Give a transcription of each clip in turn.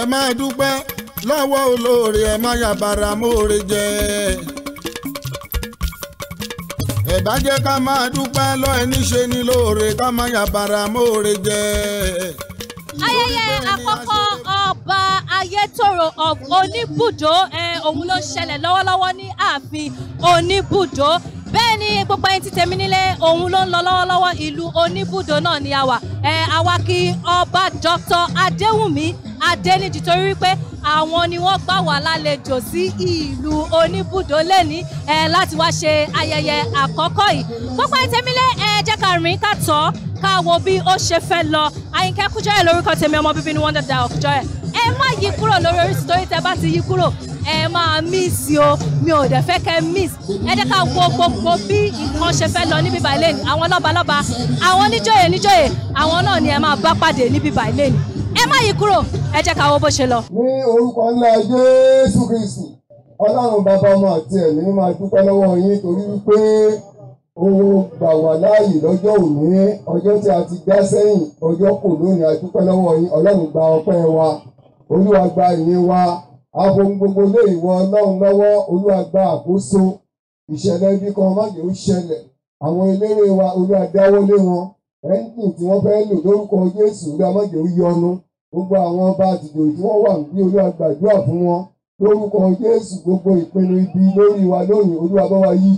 ẹ máa dúpẹ́ lọ́wọ́ olóore ẹ má yàbàrà mọ́ọ̀rẹ́ jẹ. ẹ bá jẹ́ ká máa dúpẹ́ lọ́ ẹni ṣe ni lóore ká má yàbàrà mọ́ọ̀rẹ́ jẹ. ayẹyẹ àkọ́kọ́ ọba ayétòrò oníbùdó òun ló ṣẹlẹ̀ lọ́wọ́lọ́wọ́ ní ààfin oníbùdó bẹ́ẹ̀ ni gbogbo ẹyin ti tèmi nílé òun ló ń lọ lọ́wọ́lọ́wọ́ ìlú oníbùdó náà ni a wà ẹ àwa ọba Dr. Adéwùmí Adéníjì torí wípé àwọn ni wọ́n gbà wá lálejò sí ìlú oníbùdó lẹ́ni láti wá ṣe ayẹyẹ àkọ́kọ́ yìí Pópó Tèmílé ẹ jẹ́ ká rìn ká tọ́ ká wo bí ó ṣe fẹ́ lọ Àyìnkẹ́ Kújọ́rẹ̀ lórúkọ tèmi ọmọ bíbí ni wọ́n dẹ̀dà Kújọ́rẹ̀ ẹ má yí kúrò lórí Orísun torí tẹ bá ti yí kúrò ẹ máa miss o mi ò dẹ̀ fẹ́ kẹ́ miss ẹ jẹ́ ká wo gbogbo bí nǹkan ṣe fẹ́ lọ níbi bàílẹ̀ àwọn lọ́balọ́ba àwọn níjòyè níjòyè àwọn náà ni ẹ máa bá pàdé níbi bàílẹ̀ ẹ má yí kúrò ẹ jẹ́ ká wo bó ṣe lọ. ní orúkọ ńlá Jésù Kristi Ọlọ́run bàbá ọmọ àti ẹ̀mí máa dúpẹ́ lọ́wọ́ yín torí wípé ó gbà wá láàyè lọ́jọ́ òní ọjọ́ tí a ti dá sẹ́yìn ọjọ́ kò lónìí a lọ́wọ́ yín Ọlọ́run gba ọpẹ́ wa Olúwa gba wa ààbòm gbogbo lé ìwọ Ọlọ́run lọ́wọ́ Olúwa gba àkóso ìṣẹ̀lẹ̀ ibi kan má yóò ṣẹlẹ̀ àwọn eléré wa Olúwa dáwọ́lé wọn ẹ̀ńtì tí wọ́n fẹ́ lò lórúkọ Jésù Olúwa má yọnu gbogbo àwọn ọba àtìgbò tí wọ́n wà ní olúwa gbàdúrà fún wọn lórúkọ jésù gbogbo ìpinnu ibi lórí wa lónìí olúwa bá wa yí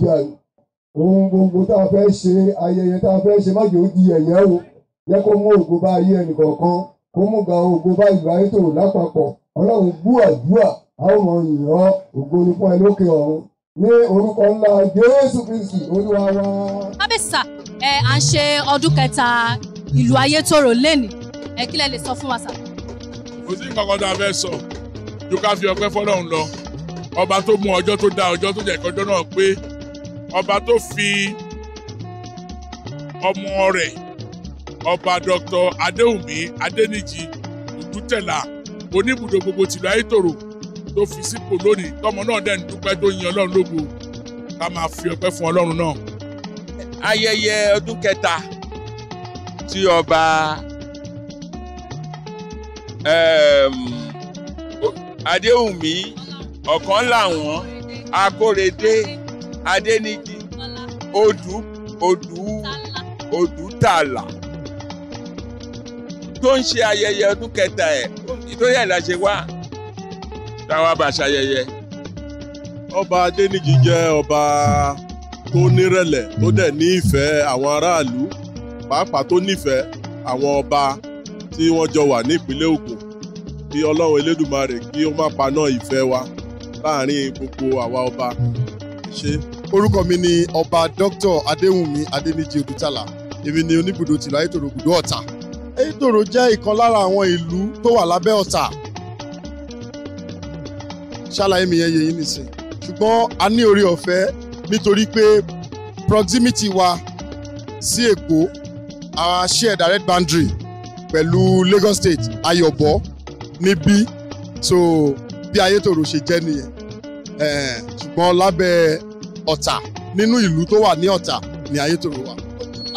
ohun gbogbo tá a fẹ́ ṣe ayẹyẹ tá a fẹ́ ṣe má jẹ́ ó di ẹ̀yẹ́ o jẹ́ kó mú ògo bá ayé ẹnìkọ̀ọ̀kan kó mú ga ògo bá ìlú ayé lápapọ̀ ọlọ́run bú àdúrà a ó ògo ni fún ẹ lókè ọ̀run ní orúkọ ńlá jésù kristi olúwa wa. kábíyèsà ẹ à ń ṣe ọdún kẹta ìlú ayétòrò lẹ́nìí ẹ kí lẹ lè sọ fún wa sà kò sí nǹkan kan tá a fẹ́ sọ ju ká fi ọpẹ́ fọlọ́run lọ ọba tó mú ọjọ́ tó dá ọjọ́ tó jẹ́ kọjọ́ náà pé ọba tó fi ọmọ rẹ̀ ọba dr adéwùmí adéníjì òdútẹ̀là oníbùdó gbogbo tìlú ayétòrò tó fi sípò lónìí tọmọ náà dẹ̀ dúpẹ́ tó yin ọlọ́run lógo ká máa fi ọpẹ́ fún ọlọ́run náà. ayẹyẹ ọdún kẹta tí ọba adéhùnmí ọ̀kan làwọn akórèdé adéníjì odù odù odùtàlà tó ń ṣe ayẹyẹ ọdún kẹta ẹ ìtòrí ẹ la ṣe wá táwa bá ṣayẹyẹ. ọba adéníjì jẹ́ ọba tó nírẹ̀lẹ̀ tó dẹ̀ ní àwọn aráàlú pàápàá tó nífẹ̀ẹ́ àwọn ọba tí wọ́n jọ wà ní ìpínlẹ̀ Ògùn kí Ọlọ́run Elédùmarè kí ó má paná ìfẹ́ wa láàrin gbogbo àwa ọba ṣe. orúkọ mi ni ọba dr adéwùnmí adéníjì odùtàlà èmi ni oníbùdó tìlú ayétòrò ògùdó ọ̀tà ayétòrò jẹ́ ìkan lára àwọn ìlú tó wà lábẹ́ ọ̀tà ṣàlàyé mi yẹn yẹyìn nìsín ṣùgbọ́n a ní orí ọ̀fẹ́ nítorí pé proximity wa sí èkó our share direct boundary pẹ̀lú Lagos State Ayọ̀bọ̀ níbí so bí Ayétòrò ṣe jẹ́ nìyẹn ṣùgbọ́n lábẹ́ Ọ̀tà nínú ìlú tó wà ní Ọ̀tà ni Ayétòrò wà.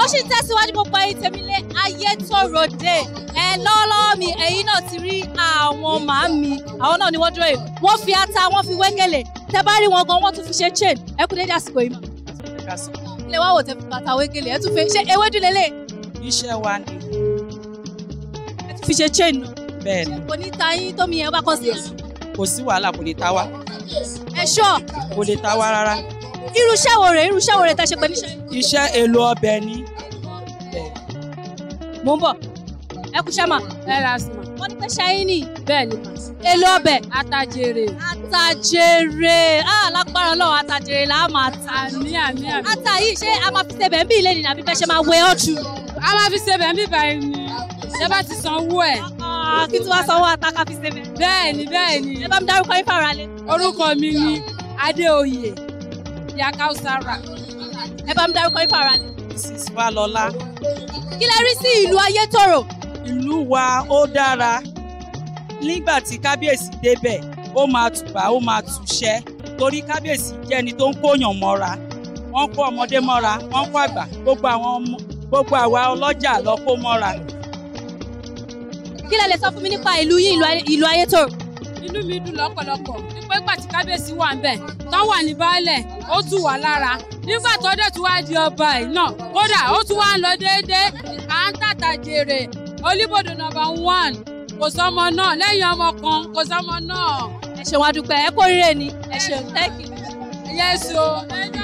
ó sì tẹ̀síwájú gbogbo ayé tèmílé Ayétòrò dé ẹ lọ́wọ́lọ́wọ́ mi ẹ̀yin náà ti rí àwọn màámi àwọn náà ni wọ́n dúró yìí wọ́n fi ata wọ́n fi wẹ́gẹ̀lẹ̀ tẹ́ bá rí wọn gan wọ́n tún fi ṣe chain ẹ kú dédé àsìkò yìí. ilé wa wò tẹ fi bàtà wẹ́gẹ̀lẹ̀ ẹ tún fi ṣe ewédú lélẹ̀. iṣẹ́ wa ni fi ṣe chain. bẹ́ẹ̀ni. kò ní ta yín tómi yẹn bá kọ́ sí èṣù. kò sí wàhálà kò lè ta wá. ẹ ṣọ́. kò lè ta wá rárá. irú iṣẹ́ wo rèé irú iṣẹ́ wo rèé tá ṣe pé níṣẹ́. iṣẹ́ èlò ọbẹ̀ ni. mo ń bọ̀ ẹ kú sẹ́mà. ẹ ra sí ma. wọ́n ní pẹ́ ṣáyín ni. bẹ́ẹ̀ni èlò ọbẹ̀. atajere. atajere ah lágbára ọlọ́run atajere là á máa ta. àmì àmì àmì. ata yìí ṣé a máa fi ṣe bẹ̀ bí ilé nìyàbí ṣé bá ti sanwó ẹ̀. Ah, kí tí wàá sanwó àtàkà fi ṣe bẹ́ẹ̀. bẹ́ẹ̀ni bẹ́ẹ̀ni. ẹ bá mi dárúkọ yín fara orúkọ mi ni Adéoyè Yakausara. ẹ bá mi dárúkọ yín fara lé. Mrs. kí lẹ rí sí ìlú Ayétòrò. ìlú wa ó dára nígbà tí kábíyèsí débẹ̀ ó máa tùbà ó máa tùṣẹ́ torí kábíyèsí jẹ́ ẹni tó ń kóyàn mọ́ra wọ́n kó ọmọdé mọ́ra wọ́n kó àgbà gbogbo àwọn gbogbo àwa ọlọ́jà lọ kó mọ́ra kí lẹ lè sọ fún mi nípa ìlú yín ìlú Ayétòrò. inú mi dùn lọ́pọ̀lọpọ̀ nípa ìgbà tí kábíyèsí wà ń bẹ̀ tán wà ní baálẹ̀ ó tù wá lára nígbà tó dẹ̀ tún wá di ọba ẹ̀ náà kódà ó tún wá lọ déédéé à ń tàtà jèrè olíbodò nọ́mbà one kò sọmọ náà lẹ́yìn ọmọ kan kò sọmọ náà. ẹ ṣeun adúpẹ́ ẹ kórìíre ni ẹ ṣeun tẹ́kì. yẹ́sọ̀ ẹ̀yọ́.